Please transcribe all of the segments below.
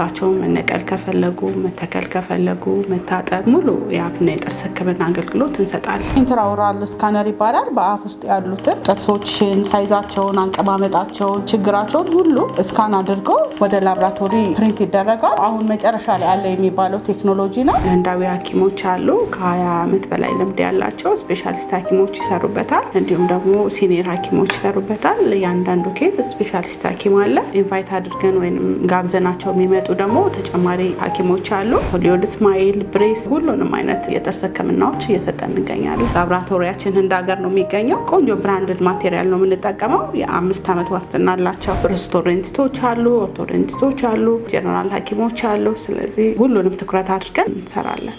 ልብሳቸውን መነቀል ከፈለጉ መተከል ከፈለጉ መታጠብ፣ ሙሉ የአፍና የጥርስ ሕክምና አገልግሎት እንሰጣለን። ኢንትራውራል ስካነር ይባላል። በአፍ ውስጥ ያሉትን ጥርሶችን፣ ሳይዛቸውን፣ አንቀማመጣቸውን፣ ችግራቸውን ሁሉ እስካን አድርገው ወደ ላብራቶሪ ፕሪንት ይደረጋል። አሁን መጨረሻ ላይ ያለ የሚባለው ቴክኖሎጂ ነው። ህንዳዊ ሐኪሞች አሉ ከ20 ዓመት በላይ ልምድ ያላቸው ስፔሻሊስት ሐኪሞች ይሰሩበታል። እንዲሁም ደግሞ ሲኒየር ሐኪሞች ይሰሩበታል። እያንዳንዱ ኬስ ስፔሻሊስት ሐኪም አለ። ኢንቫይት አድርገን ወይም ጋብዘናቸው የሚመጡ የሚሰጡ ደግሞ ተጨማሪ ሐኪሞች አሉ። ሆሊውድ ስማይል፣ ብሬስ ሁሉንም አይነት የጥርስ ህክምናዎች እየሰጠን እንገኛለን። ላብራቶሪያችን እንደ ሀገር ነው የሚገኘው። ቆንጆ ብራንድድ ማቴሪያል ነው የምንጠቀመው። የአምስት ዓመት ዋስትና አላቸው። ሬስቶሬንቲስቶች አሉ፣ ኦርቶዶንቲስቶች አሉ፣ ጀነራል ሐኪሞች አሉ። ስለዚህ ሁሉንም ትኩረት አድርገን እንሰራለን።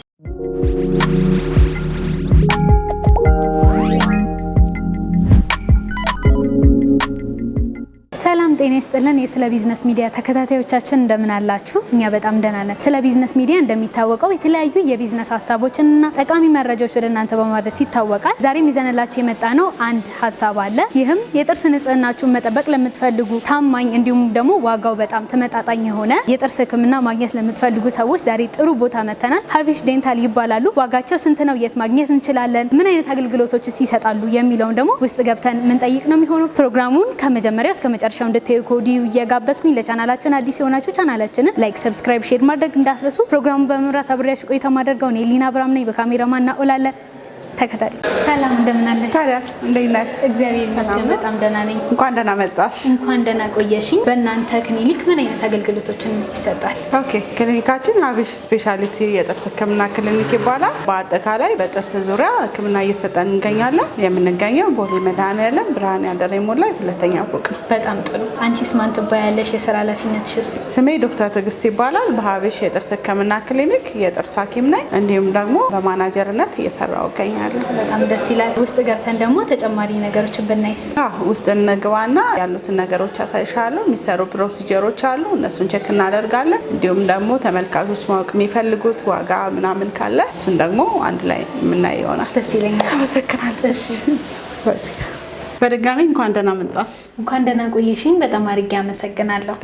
ጤና ይስጥልን የስለ ቢዝነስ ሚዲያ ተከታታዮቻችን እንደምን አላችሁ? እኛ በጣም ደህና ነን። ስለ ቢዝነስ ሚዲያ እንደሚታወቀው የተለያዩ የቢዝነስ ሀሳቦችንና ጠቃሚ መረጃዎች ወደ እናንተ በማድረስ ይታወቃል። ዛሬም ይዘንላችሁ የመጣ ነው አንድ ሀሳብ አለ። ይህም የጥርስ ንጽህናችሁን መጠበቅ ለምትፈልጉ ታማኝ፣ እንዲሁም ደግሞ ዋጋው በጣም ተመጣጣኝ የሆነ የጥርስ ሕክምና ማግኘት ለምትፈልጉ ሰዎች ዛሬ ጥሩ ቦታ መተናል። ሀፊሽ ዴንታል ይባላሉ። ዋጋቸው ስንት ነው? የት ማግኘት እንችላለን? ምን አይነት አገልግሎቶች ይሰጣሉ? የሚለውን ደግሞ ውስጥ ገብተን ምንጠይቅ ነው የሚሆነው ፕሮግራሙን ከመጀመሪያው እስከ መጨረሻው እንድትዩ ቪዲዮ ኮዲው እየጋበዝኩኝ ለቻናላችን አዲስ የሆናችሁ ቻናላችንን ላይክ፣ ሰብስክራይብ፣ ሼር ማድረግ እንዳስበሱ። ፕሮግራሙ በመምራት አብሬያችሁ ቆይታ ማደርገውን የሊና አብራም ነኝ። በካሜራማን እናኦላለን ተከታተል። ሰላም እንደምን አለሽ? ታዲያስ እንዴት ነሽ? እግዚአብሔር ይመስገን በጣም ደህና ነኝ። እንኳን ደህና መጣሽ። እንኳን ደህና ቆየሽኝ። በእናንተ ክሊኒክ ምን አይነት አገልግሎቶችን ይሰጣል? ኦኬ ክሊኒካችን ሀብሽ ስፔሻሊቲ የጥርስ ህክምና ክሊኒክ ይባላል። በአጠቃላይ በጥርስ ዙሪያ ህክምና እየሰጠን እንገኛለን። የምንገኘው ቦሌ መድኃኔዓለም ብርሃን ያደረ ሞላ ሁለተኛ ፎቅ። በጣም ጥሩ። አንቺስ ማን ትባያለሽ? የስራ ሽስ? ስሜ ዶክተር ትዕግስት ይባላል። በሀብሽ የጥርስ ህክምና ክሊኒክ የጥርስ ሐኪም ነኝ። እንዲሁም ደግሞ በማናጀርነት እየሰራሁ እገኛለሁ። ይሆናል። በጣም ደስ ይላል። ውስጥ ገብተን ደግሞ ተጨማሪ ነገሮችን ብናይስ? ውስጥ እንግባና ያሉትን ነገሮች አሳይሻለሁ። የሚሰሩ ፕሮሲጀሮች አሉ፣ እነሱን ቼክ እናደርጋለን። እንዲሁም ደግሞ ተመልካቾች ማወቅ የሚፈልጉት ዋጋ ምናምን ካለ እሱን ደግሞ አንድ ላይ የምናይ ይሆናል። ደስ ይለኛል። አመሰግናለሁ። በድጋሚ እንኳን ደህና መጣሽ። እንኳን ደህና ቆየሽኝ። በጣም አድርጌ አመሰግናለሁ።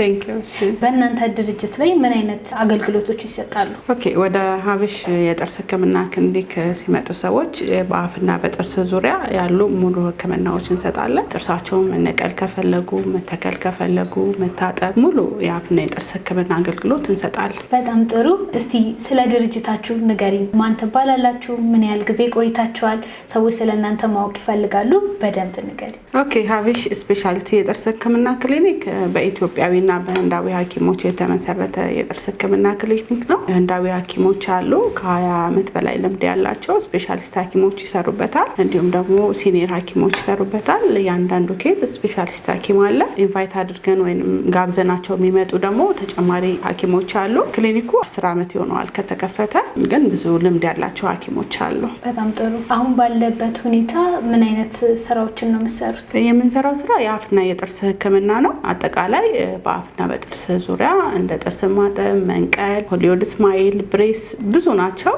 በእናንተ ድርጅት ላይ ምን አይነት አገልግሎቶች ይሰጣሉ? ኦኬ ወደ ሀብሽ የጥርስ ሕክምና ክሊኒክ ሲመጡ ሰዎች በአፍና በጥርስ ዙሪያ ያሉ ሙሉ ሕክምናዎች እንሰጣለን። ጥርሳቸውን መነቀል ከፈለጉ፣ መተከል ከፈለጉ፣ መታጠብ፣ ሙሉ የአፍና የጥርስ ሕክምና አገልግሎት እንሰጣለን። በጣም ጥሩ። እስቲ ስለ ድርጅታችሁ ንገሪ ማን ትባላላችሁ? ምን ያህል ጊዜ ቆይታችኋል? ሰዎች ስለ እናንተ ማወቅ ይፈልጋሉ። በደንብ ንገሪኝ። ማስተካከል። ኦኬ ሀበሽ ስፔሻሊቲ የጥርስ ህክምና ክሊኒክ በኢትዮጵያዊና በህንዳዊ ሐኪሞች የተመሰረተ የጥርስ ህክምና ክሊኒክ ነው። ህንዳዊ ሐኪሞች አሉ ከሀያ አመት በላይ ልምድ ያላቸው ስፔሻሊስት ሐኪሞች ይሰሩበታል። እንዲሁም ደግሞ ሲኒየር ሐኪሞች ይሰሩበታል። እያንዳንዱ ኬዝ ስፔሻሊስት ሐኪም አለ። ኢንቫይት አድርገን ወይም ጋብዘናቸው የሚመጡ ደግሞ ተጨማሪ ሐኪሞች አሉ። ክሊኒኩ አስር ዓመት ይሆነዋል ከተከፈተ፣ ግን ብዙ ልምድ ያላቸው ሐኪሞች አሉ። በጣም ጥሩ። አሁን ባለበት ሁኔታ ምን አይነት ስራዎችን ነው የምትሰሩት? የምንሰራው ስራ የአፍና የጥርስ ህክምና ነው። አጠቃላይ በአፍና በጥርስ ዙሪያ እንደ ጥርስ ማጠብ፣ መንቀል፣ ሆሊውድ ስማይል፣ ብሬስ ብዙ ናቸው።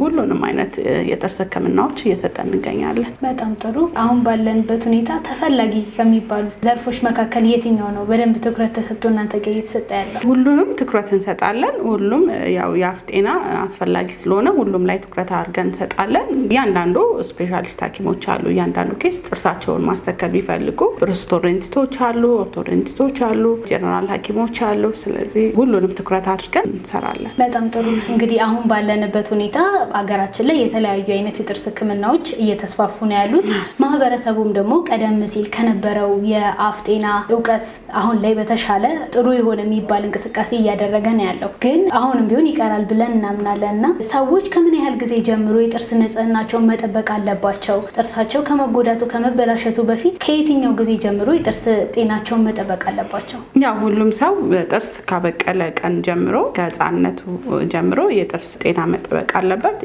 ሁሉንም አይነት የጥርስ ህክምናዎች እየሰጠን እንገኛለን። በጣም ጥሩ። አሁን ባለንበት ሁኔታ ተፈላጊ ከሚባሉ ዘርፎች መካከል የትኛው ነው በደንብ ትኩረት ተሰጥቶ እናንተ ጋር እየተሰጠ ያለው? ሁሉንም ትኩረት እንሰጣለን። ሁሉም ያው የአፍ ጤና አስፈላጊ ስለሆነ ሁሉም ላይ ትኩረት አድርገን እንሰጣለን። እያንዳንዱ ስፔሻሊስት ሐኪሞች አሉ። እያንዳንዱ ኬስ ጥርሳቸውን ማስተከል ቢፈልጉ ሬስቶሬንቲስቶች አሉ፣ ኦርቶዶንቲስቶች አሉ፣ ጀነራል ሐኪሞች አሉ። ስለዚህ ሁሉንም ትኩረት አድርገን እንሰራለን። በጣም ጥሩ። እንግዲህ አሁን ባለንበት ሁኔታ አገራችን ላይ የተለያዩ አይነት የጥርስ ሕክምናዎች እየተስፋፉ ነው ያሉት። ማህበረሰቡም ደግሞ ቀደም ሲል ከነበረው የአፍ ጤና እውቀት አሁን ላይ በተሻለ ጥሩ የሆነ የሚባል እንቅስቃሴ እያደረገ ነው ያለው። ግን አሁንም ቢሆን ይቀራል ብለን እናምናለን እና ሰዎች ከምን ያህል ጊዜ ጀምሮ የጥርስ ንጽህናቸውን መጠበቅ አለባቸው? ጥርሳቸው ከመጎዳቱ ከመበላሸቱ በፊት ከየትኛው ጊዜ ጀምሮ የጥርስ ጤናቸውን መጠበቅ አለባቸው? ያው ሁሉም ሰው ጥርስ ካበቀለ ቀን ጀምሮ ከህፃነቱ ጀምሮ የጥርስ ጤና መጠበቅ አለበት።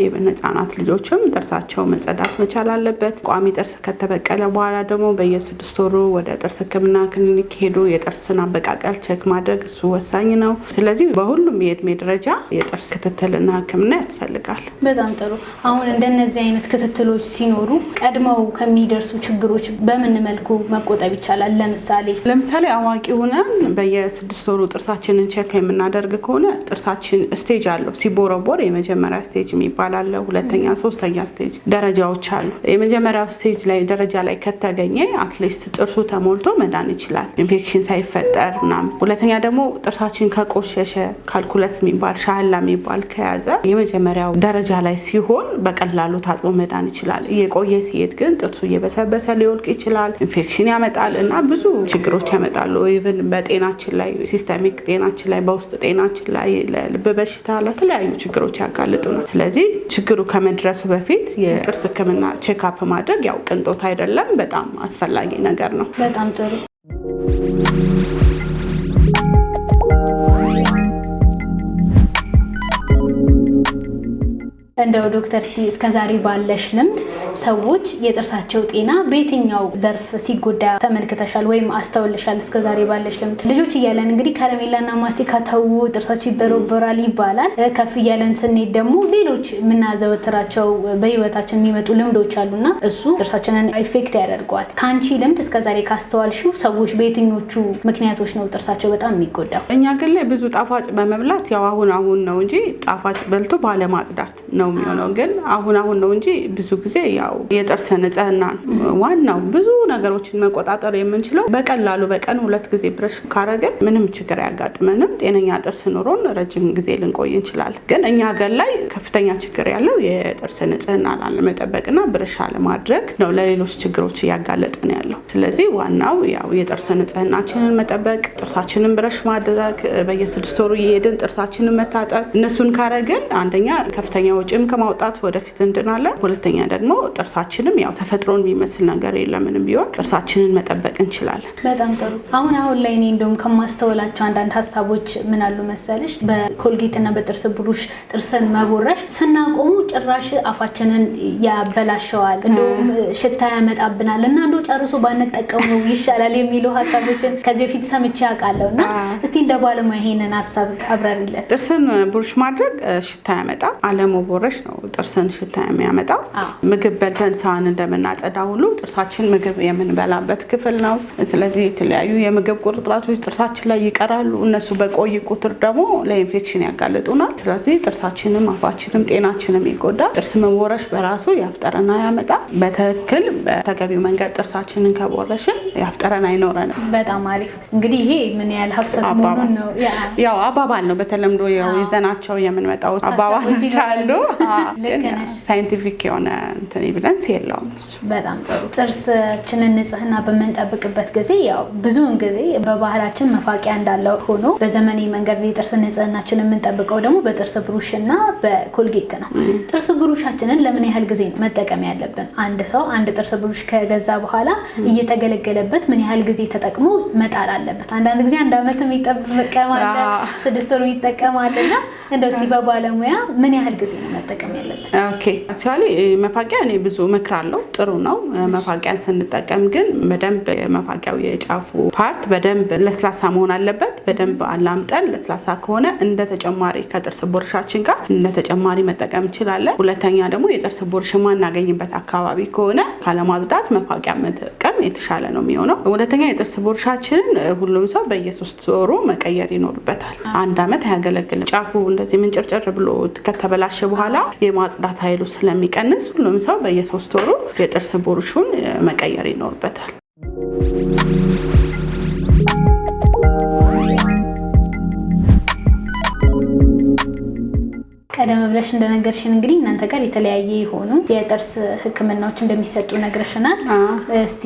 ህፃናት ልጆችም ጥርሳቸው መጸዳት መቻል አለበት። ቋሚ ጥርስ ከተበቀለ በኋላ ደግሞ በየስድስት ወሩ ወደ ጥርስ ህክምና ክሊኒክ ሄዶ የጥርስን አበቃቀል ቼክ ማድረግ እሱ ወሳኝ ነው። ስለዚህ በሁሉም የእድሜ ደረጃ የጥርስ ክትትልና ህክምና ያስፈልጋል። በጣም ጥሩ። አሁን እንደነዚህ አይነት ክትትሎች ሲኖሩ ቀድመው ከሚደርሱ ችግሮች በምን መልኩ መቆጠብ ይቻላል? ለምሳሌ ለምሳሌ አዋቂ ሆነን በየስድስት ወሩ ጥርሳችንን ቼክ የምናደርግ ከሆነ ጥርሳችን ስቴጅ አለው። ሲቦረቦር የመጀመሪያ ስቴጅ የሚባል አለ፣ ሁለተኛ፣ ሶስተኛ ስቴጅ ደረጃዎች አሉ። የመጀመሪያው ስቴጅ ላይ ደረጃ ላይ ከተገኘ አትሊስት ጥርሱ ተሞልቶ መዳን ይችላል፣ ኢንፌክሽን ሳይፈጠር ምናምን። ሁለተኛ ደግሞ ጥርሳችን ከቆሸሸ ካልኩለስ የሚባል ሻህላ የሚባል ከያዘ የመጀመሪያው ደረጃ ላይ ሲሆን በቀላሉ ታጥቦ መዳን ይችላል። እየቆየ ሲሄድ ግን ጥርሱ እየበሰበሰ ሊወልቅ ይችላል፣ ኢንፌክሽን ያመጣል እና ብዙ ችግሮች ያመጣሉ። ኢቨን በጤናችን ላይ ሲስተሚክ ጤናችን ላይ በውስጥ ጤናችን ላይ ለልብ በሽታ ለተለያዩ ችግሮች ያጋልጡናል። ስለዚህ ችግሩ ከመድረሱ በፊት የጥርስ ሕክምና ቼክአፕ ማድረግ ያው ቅንጦት አይደለም፣ በጣም አስፈላጊ ነገር ነው። በጣም ጥሩ። እንደው ዶክተር እስቲ እስከዛሬ ባለሽ ልምድ ሰዎች የጥርሳቸው ጤና በየትኛው ዘርፍ ሲጎዳ ተመልክተሻል ወይም አስተውልሻል? እስከዛሬ ባለሽ ልምድ ልጆች እያለን እንግዲህ ከረሜላና ማስቲካ ተዉ፣ ጥርሳቸው ይበረበራል ይባላል። ከፍ እያለን ስንሄድ ደግሞ ሌሎች የምናዘወትራቸው በህይወታችን የሚመጡ ልምዶች አሉና እሱ ጥርሳችንን ኢፌክት ያደርገዋል። ከአንቺ ልምድ እስከዛሬ ካስተዋልሽው ሰዎች በየትኞቹ ምክንያቶች ነው ጥርሳቸው በጣም የሚጎዳው? እኛ ግን ላይ ብዙ ጣፋጭ በመብላት ያው አሁን አሁን ነው እንጂ ጣፋጭ በልቶ ባለማጽዳት ነው የሚሆነው። ግን አሁን አሁን ነው እንጂ ብዙ ጊዜ ያው የጥርስ ንጽህና ዋናው። ብዙ ነገሮችን መቆጣጠር የምንችለው በቀላሉ በቀን ሁለት ጊዜ ብረሽ ካረግን ምንም ችግር አያጋጥመንም። ጤነኛ ጥርስ ኑሮን ረጅም ጊዜ ልንቆይ እንችላለን። ግን እኛ ሀገር ላይ ከፍተኛ ችግር ያለው የጥርስ ንጽህና ላለመጠበቅና ብረሽ አለማድረግ ነው ለሌሎች ችግሮች እያጋለጠን ያለው። ስለዚህ ዋናው ያው የጥርስ ንጽህናችንን መጠበቅ፣ ጥርሳችንን ብረሽ ማድረግ፣ በየስድስት ወሩ እየሄድን ጥርሳችንን መታጠብ እነሱን ካረግን አንደኛ ከፍተኛ ወጪም ከማውጣት ወደፊት እንድናለን። ሁለተኛ ደግሞ ጥርሳችንም ያው ተፈጥሮን የሚመስል ነገር የለምንም ቢሆን ጥርሳችንን መጠበቅ እንችላለን። በጣም ጥሩ። አሁን አሁን ላይ እኔ እንደውም ከማስተውላቸው አንዳንድ ሀሳቦች ምን አሉ መሰለሽ፣ በኮልጌትና በጥርስ ብሩሽ ጥርስን መቦረሽ ስናቆሙ ጭራሽ አፋችንን ያበላሸዋል፣ እንደውም ሽታ ያመጣብናል እና እንደው ጨርሶ ባንጠቀሙ ይሻላል የሚሉ ሀሳቦችን ከዚህ በፊት ሰምቼ አውቃለሁ እና እስቲ እንደ ባለሙያ ይሄንን ሀሳብ አብራሪለን። ጥርስን ብሩሽ ማድረግ ሽታ ያመጣ አለመቦረሽ ነው ጥርስን ሽታ የሚያመጣው ምግብ በልተን ሳህን እንደምናጸዳ ሁሉ ጥርሳችን ምግብ የምንበላበት ክፍል ነው። ስለዚህ የተለያዩ የምግብ ቁርጥራጮች ጥርሳችን ላይ ይቀራሉ። እነሱ በቆይ ቁጥር ደግሞ ለኢንፌክሽን ያጋልጡናል። ስለዚህ ጥርሳችንም፣ አፋችንም ጤናችንም ይጎዳል። ጥርስ መቦረሽ በራሱ ያፍጠረና ያመጣ ያመጣል። በትክክል በተገቢው መንገድ ጥርሳችንን ከቦረሽን ያፍጠረን አይኖረንም። በጣም አሪፍ። እንግዲህ ይሄ ምን ያህል ሀሰት መሆኑን ነው ያው አባባል ነው በተለምዶ ያው ይዘናቸው የምንመጣው አባባሎች አሉ ሳይንቲፊክ የሆነ ብለንስ የለውም። በጣም ጥሩ። ጥርሳችንን ንጽህና በምንጠብቅበት ጊዜ ያው ብዙውን ጊዜ በባህላችን መፋቂያ እንዳለው ሆኖ በዘመናዊ መንገድ የጥርስ ንጽህናችን የምንጠብቀው ደግሞ በጥርስ ብሩሽ እና በኮልጌት ነው። ጥርስ ብሩሻችንን ለምን ያህል ጊዜ ነው መጠቀም ያለብን? አንድ ሰው አንድ ጥርስ ብሩሽ ከገዛ በኋላ እየተገለገለበት ምን ያህል ጊዜ ተጠቅሞ መጣል አለበት? አንዳንድ ጊዜ አንድ ዓመት ይጠቀማል፣ ስድስት ወር ይጠቀማል እና እንደው እስኪ በባለሙያ ምን ያህል ጊዜ ነው መጠቀም ያለበት? መፋቂያ እኔ ብዙ ምክር አለው። ጥሩ ነው። መፋቂያን ስንጠቀም ግን በደንብ መፋቂያው የጫፉ ፓርት በደንብ ለስላሳ መሆን አለበት። በደንብ አላምጠን ለስላሳ ከሆነ እንደ ተጨማሪ ከጥርስ ቦርሻችን ጋር እንደ ተጨማሪ መጠቀም እንችላለን። ሁለተኛ ደግሞ የጥርስ ቦርሽ ማናገኝበት አካባቢ ከሆነ ካለማጽዳት መፋቂያ መጠቀም የተሻለ ነው የሚሆነው። ሁለተኛ የጥርስ ቦርሻችንን ሁሉም ሰው በየሶስት ወሩ መቀየር ይኖርበታል። አንድ ዓመት አያገለግልም። ጫፉ እንደዚህ ምንጭርጭር ብሎ ከተበላሸ በኋላ የማጽዳት ኃይሉ ስለሚቀንስ ሁሉም ሰው በየሶስት ወሩ የጥርስ ብሩሹን መቀየር ይኖርበታል። ቀደም ብለሽ እንደነገርሽን እንግዲህ እናንተ ጋር የተለያየ የሆኑ የጥርስ ሕክምናዎች እንደሚሰጡ ነግረሽናል። እስቲ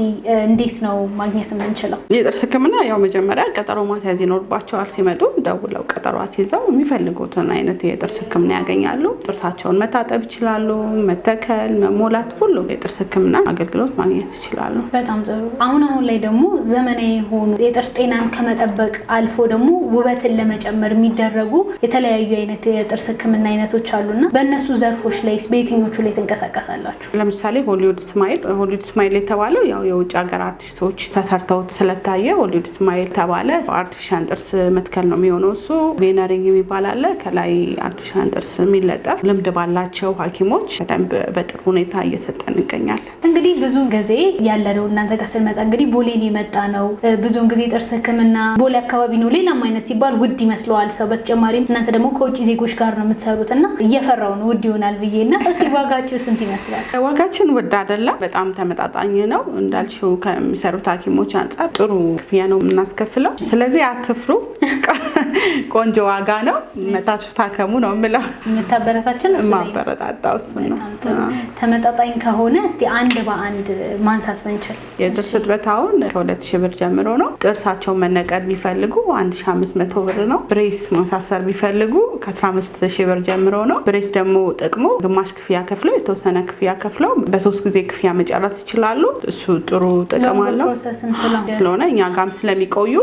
እንዴት ነው ማግኘት የምንችለው የጥርስ ሕክምና? ያው መጀመሪያ ቀጠሮ ማስያዝ ይኖርባቸዋል። ሲመጡ ደውለው ቀጠሮ አስይዘው የሚፈልጉትን አይነት የጥርስ ሕክምና ያገኛሉ። ጥርሳቸውን መታጠብ ይችላሉ። መተከል፣ መሞላት፣ ሁሉ የጥርስ ሕክምና አገልግሎት ማግኘት ይችላሉ። በጣም ጥሩ። አሁን አሁን ላይ ደግሞ ዘመናዊ የሆኑ የጥርስ ጤናን ከመጠበቅ አልፎ ደግሞ ውበትን ለመጨመር የሚደረጉ የተለያዩ አይነት የጥርስ ሕክምና አይነት አይነቶች አሉና በእነሱ ዘርፎች ላይ በየትኞቹ ላይ ትንቀሳቀሳላችሁ? ለምሳሌ ሆሊውድ ስማይል ሆሊውድ ስማይል የተባለው ያው የውጭ ሀገር አርቲስቶች ተሰርተውት ስለታየ ሆሊውድ ስማይል ተባለ። አርቲፊሻል ጥርስ መትከል ነው የሚሆነው እሱ። ቬነሪንግ የሚባል አለ ከላይ አርቲፊሻል ጥርስ የሚለጠፍ ልምድ ባላቸው ሐኪሞች በደንብ በጥሩ ሁኔታ እየሰጠን እንገኛለን። እንግዲህ ብዙ ጊዜ ያለነው እናንተ ጋር ስንመጣ እንግዲህ ቦሌን የመጣ ነው። ብዙን ጊዜ ጥርስ ህክምና ቦሌ አካባቢ ነው። ሌላም አይነት ሲባል ውድ ይመስለዋል ሰው። በተጨማሪም እናንተ ደግሞ ከውጭ ዜጎች ጋር ነው የምትሰሩት እና እየፈራው ነው ውድ ይሆናል ብዬ እና እስቲ ዋጋችሁ ስንት ይመስላል? ዋጋችን ውድ አይደለም፣ በጣም ተመጣጣኝ ነው። እንዳልሽው ከሚሰሩት ሐኪሞች አንጻር ጥሩ ክፍያ ነው የምናስከፍለው። ስለዚህ አትፍሩ፣ ቆንጆ ዋጋ ነው። መታችሁ ታከሙ ነው የምለው። የምታበረታችን ማበረታታው እሱ ነው። ተመጣጣኝ ከሆነ እስቲ አንድ በአንድ ማንሳት ብንችል የጥርስ ጥበታውን ከሁለት ሺህ ብር ጀምሮ ነው። ጥርሳቸውን መነቀል ቢፈልጉ አንድ ሺህ አምስት መቶ ብር ነው። ብሬስ ማሳሰር ቢፈልጉ ከ15 ሺ ብር ጀምሮ ነው። ብሬስ ደግሞ ጥቅሙ ግማሽ ክፍያ ከፍለው የተወሰነ ክፍያ ከፍለው በሶስት ጊዜ ክፍያ መጨረስ ይችላሉ። እሱ ጥሩ ጥቅም አለው ስለሆነ እኛ ጋም ስለሚቆዩ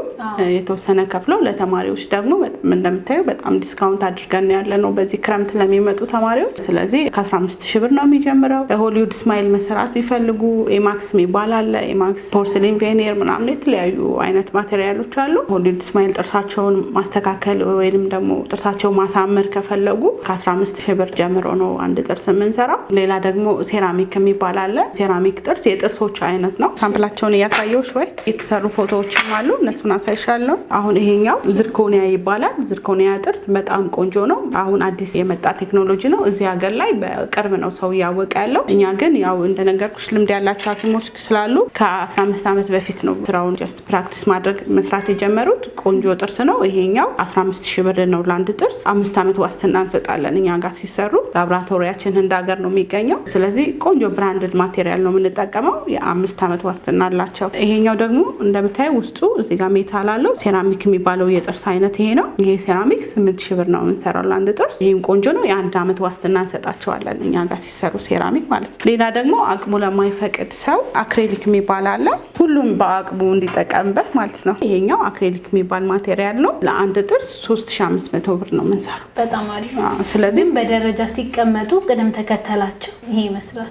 የተወሰነ ከፍለው ለተማሪዎች ደግሞ እንደምታዩ በጣም ዲስካውንት አድርገን ያለ ነው በዚህ ክረምት ለሚመጡ ተማሪዎች። ስለዚህ ከ15 ሺህ ብር ነው የሚጀምረው። ሆሊውድ ስማይል መሰራት ቢፈልጉ ኤማክስ የሚባል አለ። ኤማክስ ፖርስሊን፣ ቬኔር ምናምን የተለያዩ አይነት ማቴሪያሎች አሉ። ሆሊውድ ስማይል ጥርሳቸውን ማስተካከል ወይንም ደግሞ ጥርሳቸው ማሳመር ከፈለጉ ከ15 ሺህ ብር ጀምሮ ነው አንድ ጥርስ የምንሰራው። ሌላ ደግሞ ሴራሚክ የሚባል አለ። ሴራሚክ ጥርስ የጥርሶች አይነት ነው። ሳምፕላቸውን እያሳየሁሽ ወይ የተሰሩ ፎቶዎችም አሉ፣ እነሱን አሳይሻለሁ። አሁን ይሄኛው ዝርኮኒያ ይባላል። ዝርኮኒያ ጥርስ በጣም ቆንጆ ነው። አሁን አዲስ የመጣ ቴክኖሎጂ ነው። እዚህ ሀገር ላይ በቅርብ ነው ሰው እያወቀ ያለው። እኛ ግን ያው እንደነገርኩሽ ልምድ ያላቸው ሐኪሞች ስላሉ ከ15 ዓመት በፊት ነው ስራውን ጀስት ፕራክቲስ ማድረግ መስራት የጀመሩት። ቆንጆ ጥርስ ነው ይሄኛው። 15 ሺህ ብር ነው ለአንድ ጥርስ አምስት ዓመት ዋስትና እንሰጣለን። እኛ ጋር ሲሰሩ ላብራቶሪያችን ህንድ ሀገር ነው የሚገኘው። ስለዚህ ቆንጆ ብራንድድ ማቴሪያል ነው የምንጠቀመው። የአምስት ዓመት ዋስትና አላቸው። ይሄኛው ደግሞ እንደምታየው ውስጡ እዚህ ጋር ሜታል አለው። ሴራሚክ የሚባለው የጥርስ አይነት ይሄ ነው። ይሄ ሴራሚክ ስምንት ሺህ ብር ነው የምንሰራው ለአንድ ጥርስ። ይህም ቆንጆ ነው። የአንድ ዓመት ዋስትና እንሰጣቸዋለን እኛ ጋር ሲሰሩ ሴራሚክ ማለት ነው። ሌላ ደግሞ አቅሙ ለማይፈቅድ ሰው አክሬሊክ የሚባል አለ። ሁሉም በአቅሙ እንዲጠቀምበት ማለት ነው። ይሄኛው አክሬሊክ የሚባል ማቴሪያል ነው። ለአንድ ጥርስ 3500 ብር ነው ምንሰራ ይይዛል። በጣም አሪፍ። ስለዚህ በደረጃ ሲቀመጡ ቅደም ተከተላቸው ይሄ ይመስላል።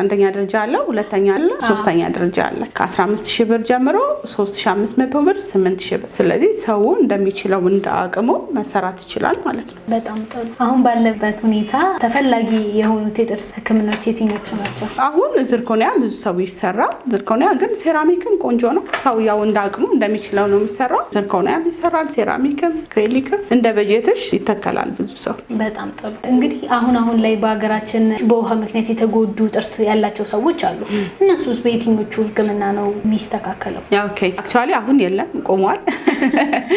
አንደኛ ደረጃ አለ፣ ሁለተኛ አለ፣ ሶስተኛ ደረጃ አለ። ከ15 ሺህ ብር ጀምሮ 3500 ብር፣ 8 ሺህ ብር። ስለዚህ ሰው እንደሚችለው እንደ አቅሙ መሰራት ይችላል ማለት ነው። በጣም ጥሩ። አሁን ባለበት ሁኔታ ተፈላጊ የሆኑት የጥርስ ህክምናዎች የትኞቹ ናቸው? አሁን ዝርኮኒያ ብዙ ሰው ይሰራል። ዝርኮኒያ ግን ሴራሚክም ቆንጆ ነው። ሰው ያው እንደ አቅሙ እንደሚችለው ነው የሚሰራው። ዝርኮኒያም ይሰራል፣ ሴራሚክም፣ ክሬሊክም እንደ በጀትሽ ይተከላል ብዙ ሰው። በጣም ጥሩ። እንግዲህ አሁን አሁን ላይ በሀገራችን በውሃ ምክንያት የተጎዱ ጥርስ ያላቸው ሰዎች አሉ። እነሱስ በየትኞቹ ህክምና ነው የሚስተካከለው? ኦኬ አክቹዋሊ አሁን የለም ቆሟል።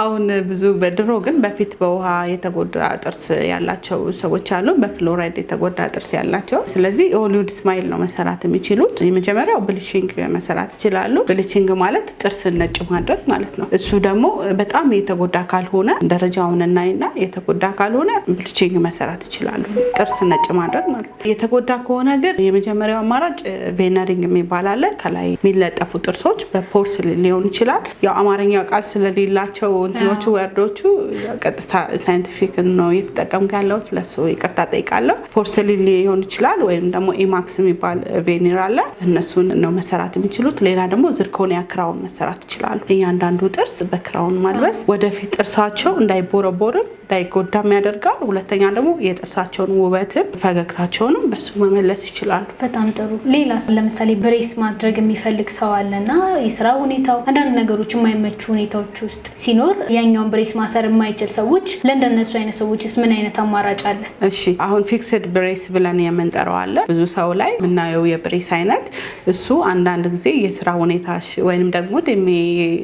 አሁን ብዙ በድሮ ግን በፊት በውሃ የተጎዳ ጥርስ ያላቸው ሰዎች አሉ፣ በፍሎራይድ የተጎዳ ጥርስ ያላቸው። ስለዚህ ሆሊውድ ስማይል ነው መሰራት የሚችሉት። የመጀመሪያው ብሊቺንግ መሰራት ይችላሉ። ብሊቺንግ ማለት ጥርስን ነጭ ማድረግ ማለት ነው። እሱ ደግሞ በጣም የተጎዳ ካልሆነ ደረጃውን እናይና ከሆነ የተጎዳ ካልሆነ ብሊቺንግ መሰራት ይችላሉ። ጥርስ ነጭ ማድረግ ማለት የተጎዳ ከሆነ ግን የመጀመሪያው አማራጭ ቬነሪንግ የሚባል አለ። ከላይ የሚለጠፉ ጥርሶች በፖርስ ሊሆን ይችላል። ያው አማርኛው ቃል ስለሌላቸው እንትኖቹ ወርዶቹ ቀጥታ ሳይንቲፊክ ነው እየተጠቀምኩ ያለሁት። ለሱ ይቅርታ ጠይቃለሁ። ፖርስሊን ሊሆን ይችላል ወይም ደግሞ ኢማክስ የሚባል ቬኒር አለ። እነሱን ነው መሰራት የሚችሉት። ሌላ ደግሞ ዝርኮኒያ ክራውን መሰራት ይችላሉ። እያንዳንዱ ጥርስ በክራውን ማልበስ ወደፊት ጥርሳቸው እንዳይቦረቦርም እንዳይጎዳ ያደርጋል። ሁለተኛ ደግሞ የጥርሳቸውን ውበትም ፈገግታቸውንም በሱ መመለስ ይችላሉ። በጣም ጥሩ። ሌላ ለምሳሌ ብሬስ ማድረግ የሚፈልግ ሰው አለና የስራ ሁኔታው አንዳንድ ነገሮች የማይመቹ ሁኔታዎች ውስጥ ሲኖር ያኛውን ብሬስ ማሰር የማይችል ሰዎች ለእንደነሱ አይነት ሰዎችስ ምን አይነት አማራጭ አለ? እሺ አሁን ፊክስድ ብሬስ ብለን የምንጠራው አለ። ብዙ ሰው ላይ የምናየው የብሬስ አይነት እሱ አንዳንድ ጊዜ የስራ ሁኔታ ወይም ደግሞ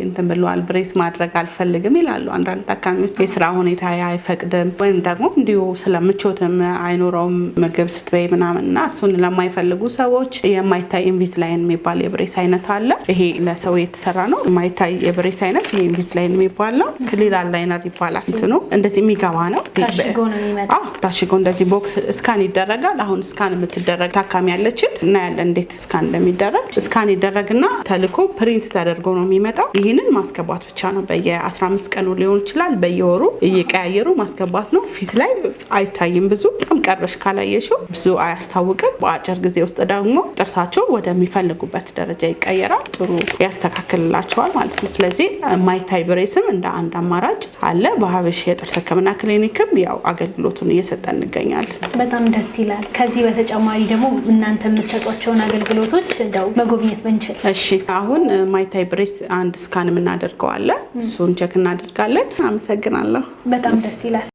እንትን ብለዋል ብሬስ ማድረግ አልፈልግም ይላሉ አንዳንድ ታካሚዎች የስራ ሁኔታ አይፈቅድም ወይም ደግሞ እንዲሁ ስለምቾትም አይኖረውም ምግብ ስትበይ ምናምን እና እሱን ለማይፈልጉ ሰዎች የማይታይ ላይን የሚባል የብሬስ አይነት አለ። ይሄ ለሰው የተሰራ ነው። የማይታይ የብሬስ አይነት ይሄ ላይን የሚባል ነው። ክሊል አላይነር ይባላል። እንትኑ እንደዚህ የሚገባ ነው። ታሽጎ እንደዚህ ቦክስ እስካን ይደረጋል። አሁን እስካን የምትደረግ ታካሚ ያለችን እናያለን እንዴት እስካን እንደሚደረግ። እስካን ይደረግና ተልኮ ፕሪንት ተደርጎ ነው የሚመጣው። ይህንን ማስገባት ብቻ ነው። በየ15 ቀኑ ሊሆን ይችላል በየወሩ እየቀያየ እየቀያየሩ ማስገባት ነው። ፊት ላይ አይታይም ብዙ በጣም ቀርበሽ ካላየሽው ብዙ አያስታውቅም። በአጭር ጊዜ ውስጥ ደግሞ ጥርሳቸው ወደሚፈልጉበት ደረጃ ይቀየራል። ጥሩ ያስተካክልላቸዋል ማለት ነው። ስለዚህ ማይታይ ብሬስም እንደ አንድ አማራጭ አለ። በሀበሽ የጥርስ ሕክምና ክሊኒክም ያው አገልግሎቱን እየሰጠ እንገኛለን። በጣም ደስ ይላል። ከዚህ በተጨማሪ ደግሞ እናንተ የምትሰጧቸውን አገልግሎቶች እንደው መጎብኘት ብንችል። እሺ፣ አሁን ማይታይ ብሬስ አንድ ስካን የምናደርገው እሱን ቸክ እናደርጋለን። አመሰግናለሁ። በጣም ደስ ይላል።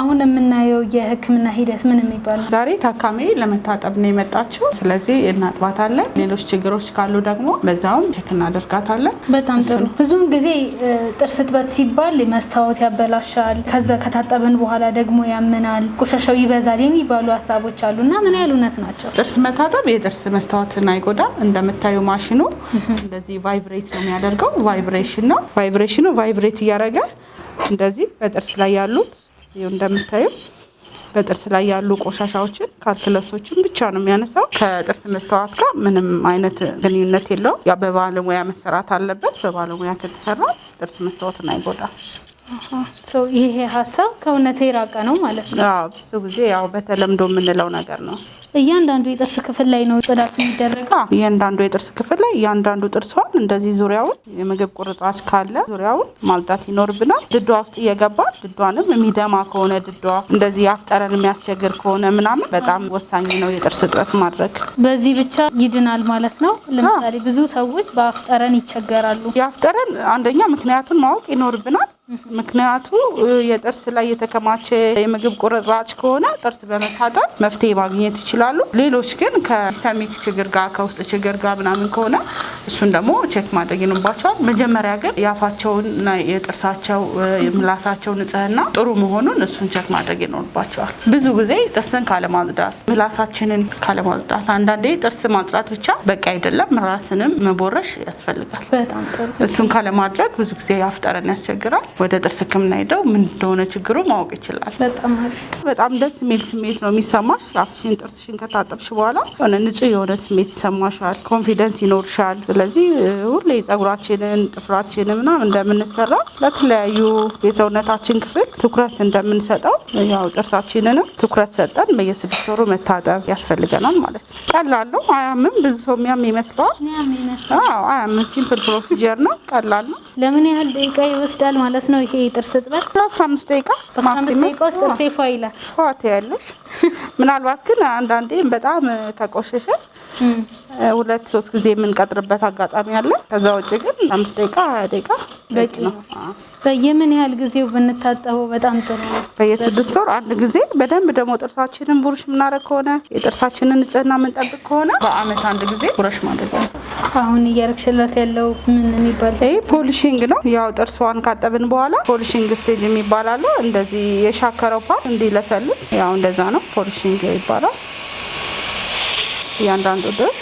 አሁን የምናየው የህክምና ሂደት ምን የሚባል ዛሬ ታካሚ ለመታጠብ ነው የመጣችው። ስለዚህ እናጥባታለን። ሌሎች ችግሮች ካሉ ደግሞ በዛውም ቼክ እናደርጋታለን። በጣም ጥሩ። ብዙውን ጊዜ ጥርስ እጥበት ሲባል መስታወት ያበላሻል፣ ከዛ ከታጠብን በኋላ ደግሞ ያምናል፣ ቆሻሻው ይበዛል የሚባሉ ሀሳቦች አሉ እና ምን ያህል እውነት ናቸው? ጥርስ መታጠብ የጥርስ መስታወትን አይጎዳም። እንደምታዩ ማሽኑ እንደዚህ ቫይብሬት ነው የሚያደርገው። ቫይብሬሽን ነው። ቫይብሬሽኑ ቫይብሬት እያደረገ እንደዚህ በጥርስ ላይ ያሉት ይኸው እንደምታዩ በጥርስ ላይ ያሉ ቆሻሻዎችን ካልክለሶችን ብቻ ነው የሚያነሳው። ከጥርስ መስተዋት ጋር ምንም አይነት ግንኙነት የለውም። ያ በባለሙያ መሰራት አለበት። በባለሙያ ከተሰራ ጥርስ መስተዋትን አይጎዳም። ይሄ ሀሳብ ከእውነት የራቀ ነው ማለት ነው። ብዙ ጊዜ ያው በተለምዶ የምንለው ነገር ነው። እያንዳንዱ የጥርስ ክፍል ላይ ነው ጽዳት የሚደረገው። እያንዳንዱ የጥርስ ክፍል ላይ እያንዳንዱ ጥርሷን እንደዚህ ዙሪያውን የምግብ ቁርጣት ካለ ዙሪያውን ማልጣት ይኖርብናል። ድዷ ውስጥ እየገባ ድዷንም የሚደማ ከሆነ ድዷ እንደዚህ አፍጠረን የሚያስቸግር ከሆነ ምናምን በጣም ወሳኝ ነው የጥርስ እጥረት ማድረግ። በዚህ ብቻ ይድናል ማለት ነው። ለምሳሌ ብዙ ሰዎች በአፍጠረን ይቸገራሉ። የአፍጠረን አንደኛ ምክንያቱን ማወቅ ይኖርብናል። ምክንያቱ የጥርስ ላይ የተከማቸ የምግብ ቁርጥራጭ ከሆነ ጥርስ በመታጠብ መፍትሄ ማግኘት ይችላሉ። ሌሎች ግን ከሲስተሚክ ችግር ጋር ከውስጥ ችግር ጋር ምናምን ከሆነ እሱን ደግሞ ቼክ ማድረግ ይኖርባቸዋል። መጀመሪያ ግን የአፋቸውን የጥርሳቸው የምላሳቸው ንጽህና ጥሩ መሆኑን እሱን ቼክ ማድረግ ይኖርባቸዋል። ብዙ ጊዜ ጥርስን ካለማጽዳት፣ ምላሳችንን ካለማጽዳት አንዳንዴ ጥርስ ማጽዳት ብቻ በቂ አይደለም፣ ራስንም መቦረሽ ያስፈልጋል። እሱን ካለማድረግ ብዙ ጊዜ አፍጠረን ያስቸግራል። ወደ ጥርስ ሕክምና ሄደው ምን እንደሆነ ችግሩ ማወቅ ይችላል። በጣም ደስ የሚል ስሜት ነው የሚሰማሽ። አፍሽን ጥርስሽን ከታጠብሽ በኋላ የሆነ ንጹህ የሆነ ስሜት ይሰማሻል፣ ኮንፊደንስ ይኖርሻል። ስለዚህ ሁሌ ጸጉራችንን፣ ጥፍራችንን ምናምን እንደምንሰራ ለተለያዩ የሰውነታችን ክፍል ትኩረት እንደምንሰጠው ያው ጥርሳችንንም ትኩረት ሰጠን በየስድስት ወሩ መታጠብ ያስፈልገናል ማለት ነው። ቀላል ነው፣ አያምም። ብዙ ሰው የሚያም ይመስለዋል። አያምም። ሲምፕል ፕሮሲጀር ነው፣ ቀላል ነው። ለምን ያህል ደቂቃ ይወስዳል ማለት ነው? ነው ይሄ ጥርስ ጥበት። በአስራ አምስት ደቂቃ ውስጥ ጥርሴ ፏ ይላል። ፏ ትያለሽ ምናልባት ግን አንዳንዴ በጣም ተቆሸሸ ሁለት ሶስት ጊዜ የምንቀጥርበት አጋጣሚ አለ። ከዛ ውጭ ግን አምስት ደቂቃ ሀያ ደቂቃ በቂ ነው። በየምን ያህል ጊዜው ብንታጠበው በጣም ጥሩ ነው። በየስድስት ወር አንድ ጊዜ። በደንብ ደግሞ ጥርሳችንን ቡርሽ የምናደርግ ከሆነ የጥርሳችንን ንጽህና የምንጠብቅ ከሆነ በአመት አንድ ጊዜ ቡረሽ ማድረግ ነው። አሁን እያረግሽላት ያለው ምን የሚባል ፖሊሽንግ ነው። ያው ጥርስዋን ካጠብን በኋላ ፖሊሽንግ ስቴጅ የሚባል እንደዚህ የሻከረው ፓርት እንዲለሰልስ ያው እንደዛ ነው። ፖሊሽንግ ይባላል። እያንዳንዱ ድረስ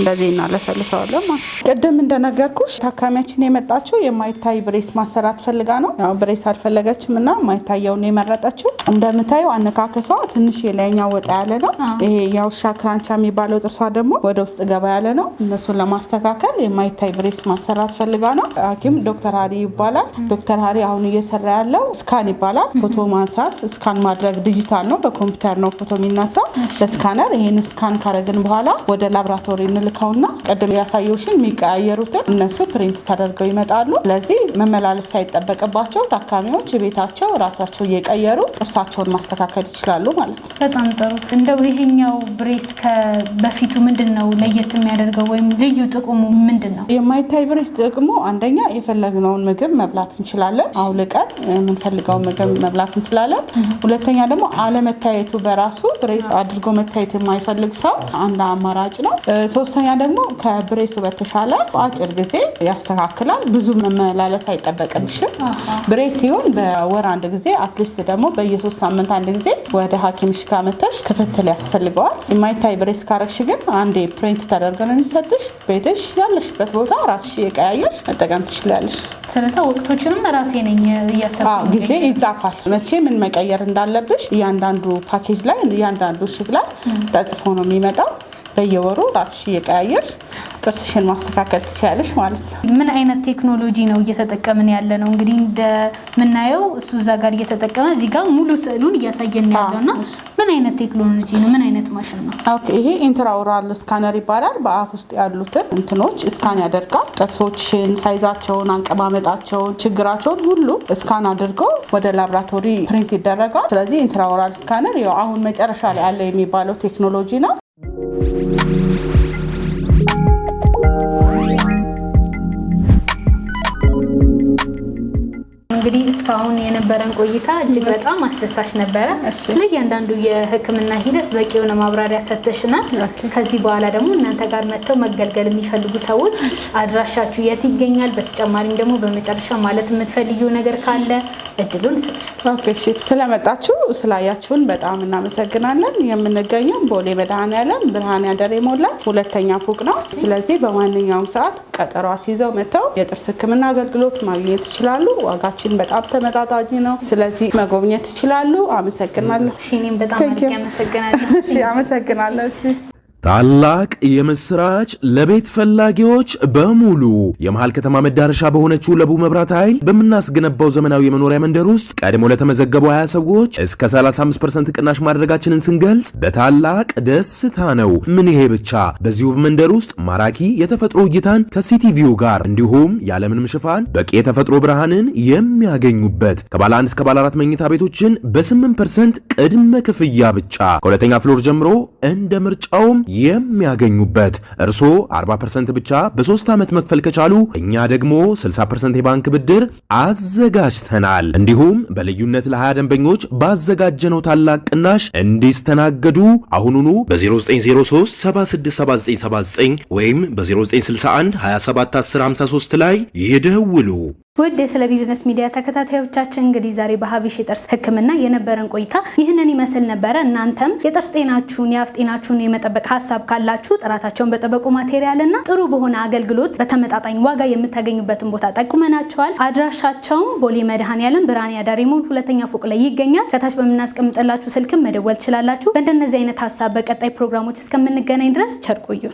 እንደዚህ እናለሰልሰዋለን ማለት ነው። ቅድም እንደነገርኩሽ ታካሚያችን የመጣችው የማይታይ ብሬስ ማሰራት ፈልጋ ነው። ያው ብሬስ አልፈለገችም እና ማይታየውን የመረጠችው። እንደምታየው አነካከሷ ትንሽ የላይኛው ወጣ ያለ ነው። ይሄ የውሻ ክራንቻ የሚባለው ጥርሷ ደግሞ ወደ ውስጥ ገባ ያለ ነው። እነሱን ለማስተካከል የማይታይ ብሬስ ማሰራት ፈልጋ ነው። ሐኪም ዶክተር ሀሪ ይባላል። ዶክተር ሀሪ አሁን እየሰራ ያለው ስካን ይባላል። ፎቶ ማንሳት፣ ስካን ማድረግ ዲጂታል ነው። በኮምፒውተር ነው ፎቶ የሚነሳው በስካነር። ይህን ስካን ካረግን በኋላ ወደ ላብራቶሪ ልከውና ቅድም ያሳየውሽን የሚቀያየሩትን እነሱ ፕሪንት ተደርገው ይመጣሉ። ስለዚህ መመላለስ ሳይጠበቅባቸው ታካሚዎች ቤታቸው ራሳቸው እየቀየሩ ጥርሳቸውን ማስተካከል ይችላሉ ማለት ነው። በጣም ጥሩ። እንደው ይሄኛው ብሬስ በፊቱ ምንድን ነው ለየት የሚያደርገው ወይም ልዩ ጥቅሙ ምንድን ነው? የማይታይ ብሬስ ጥቅሙ አንደኛ የፈለግነውን ምግብ መብላት እንችላለን፣ አውልቀን የምንፈልገውን ምግብ መብላት እንችላለን። ሁለተኛ ደግሞ አለመታየቱ በራሱ ብሬስ አድርጎ መታየት የማይፈልግ ሰው አንድ አማራጭ ነው። ሶስተኛ ደግሞ ከብሬሱ በተሻለ በአጭር ጊዜ ያስተካክላል። ብዙ መመላለስ አይጠበቅብሽም። ብሬስ ሲሆን በወር አንድ ጊዜ አትሊስት ደግሞ በየሶስት ሳምንት አንድ ጊዜ ወደ ሐኪምሽ ጋር መተሽ ክትትል ያስፈልገዋል። የማይታይ ብሬስ ካረግሽ ግን አንዴ ፕሪንት ተደርጎ ነው የሚሰጥሽ። ቤትሽ ያለሽበት ቦታ ራስሽ የቀያየሽ መጠቀም ትችላለሽ። ስለዚ ወቅቶችንም ራሴ ነኝ ጊዜ ይጻፋል። መቼ ምን መቀየር እንዳለብሽ እያንዳንዱ ፓኬጅ ላይ እያንዳንዱ ሽግ ላይ ተጽፎ ነው የሚመጣው። በየወሩ ራስሽ እየቀያየር ጥርስሽን ማስተካከል ትችላለሽ ማለት ነው። ምን አይነት ቴክኖሎጂ ነው እየተጠቀምን ያለ ነው? እንግዲህ እንደምናየው እሱ እዛ ጋር እየተጠቀመ እዚህ ጋር ሙሉ ስዕሉን እያሳየን ያለው እና ምን አይነት ቴክኖሎጂ ነው? ምን አይነት ማሽን ነው? ኦኬ ይሄ ኢንትራውራል ስካነር ይባላል። በአፍ ውስጥ ያሉትን እንትኖች ስካን ያደርጋል። ጥርሶችን፣ ሳይዛቸውን፣ አንቀማመጣቸውን፣ ችግራቸውን ሁሉ ስካን አድርገው ወደ ላብራቶሪ ፕሪንት ይደረጋል። ስለዚህ ኢንትራውራል ስካነር አሁን መጨረሻ ላይ ያለ የሚባለው ቴክኖሎጂ ነው። እንግዲህ እስካሁን የነበረን ቆይታ እጅግ በጣም አስደሳች ነበረ። ስለ እያንዳንዱ የሕክምና ሂደት በቂ የሆነ ማብራሪያ ሰጥተሽናል። ከዚህ በኋላ ደግሞ እናንተ ጋር መጥተው መገልገል የሚፈልጉ ሰዎች አድራሻችሁ የት ይገኛል? በተጨማሪም ደግሞ በመጨረሻ ማለት የምትፈልጊው ነገር ካለ እድሉን ሰጥ ስለመጣችሁ ስላያችሁን በጣም እናመሰግናለን። የምንገኘው ቦሌ መድኃኔዓለም ብርሃን ያደሬ ሞላ ሁለተኛ ፎቅ ነው። ስለዚህ በማንኛውም ሰዓት ቀጠሮ አስይዘው መጥተው የጥርስ ሕክምና አገልግሎት ማግኘት ይችላሉ። ዋጋችን በጣም ተመጣጣኝ ነው። ስለዚህ መጎብኘት ይችላሉ። አመሰግናለሁ። በጣም አመሰግናለሁ። ታላቅ የምስራች ለቤት ፈላጊዎች በሙሉ የመሃል ከተማ መዳረሻ በሆነችው ለቡ መብራት ኃይል በምናስገነባው ዘመናዊ የመኖሪያ መንደር ውስጥ ቀድሞ ለተመዘገቡ 20 ሰዎች እስከ 35% ቅናሽ ማድረጋችንን ስንገልጽ በታላቅ ደስታ ነው። ምን ይሄ ብቻ! በዚሁ መንደር ውስጥ ማራኪ የተፈጥሮ እይታን ከሲቲቪው ጋር እንዲሁም ያለምንም ሽፋን በቂ የተፈጥሮ ብርሃንን የሚያገኙበት ከባለ አንድ እስከ ባለ አራት መኝታ ቤቶችን በ8% ቅድመ ክፍያ ብቻ ከሁለተኛ ፍሎር ጀምሮ እንደ ምርጫውም የሚያገኙበት እርስዎ 40% ብቻ በሶስት ዓመት መክፈል ከቻሉ እኛ ደግሞ 60% የባንክ ብድር አዘጋጅተናል። እንዲሁም በልዩነት ለ20 ደንበኞች ባዘጋጀነው ታላቅ ቅናሽ እንዲስተናገዱ አሁኑኑ በ0903 767979 ወይም በ0961 271053 ላይ ይደውሉ። ውድ የስለ ቢዝነስ ሚዲያ ተከታታዮቻችን እንግዲህ ዛሬ በሀብሽ የጥርስ ሕክምና የነበረን ቆይታ ይህንን ይመስል ነበረ። እናንተም የጥርስ ጤናችሁን የአፍ ጤናችሁን የመጠበቅ ሀሳብ ካላችሁ ጥራታቸውን በጠበቁ ማቴሪያል እና ጥሩ በሆነ አገልግሎት በተመጣጣኝ ዋጋ የምታገኙበትን ቦታ ጠቁመናቸዋል። አድራሻቸውም ቦሌ መድኃኔዓለም ብርሃን ያዳሪ ሞል ሁለተኛ ፎቅ ላይ ይገኛል። ከታች በምናስቀምጥላችሁ ስልክም መደወል ትችላላችሁ። በእንደነዚህ አይነት ሀሳብ በቀጣይ ፕሮግራሞች እስከምንገናኝ ድረስ ቸር ቆዩን።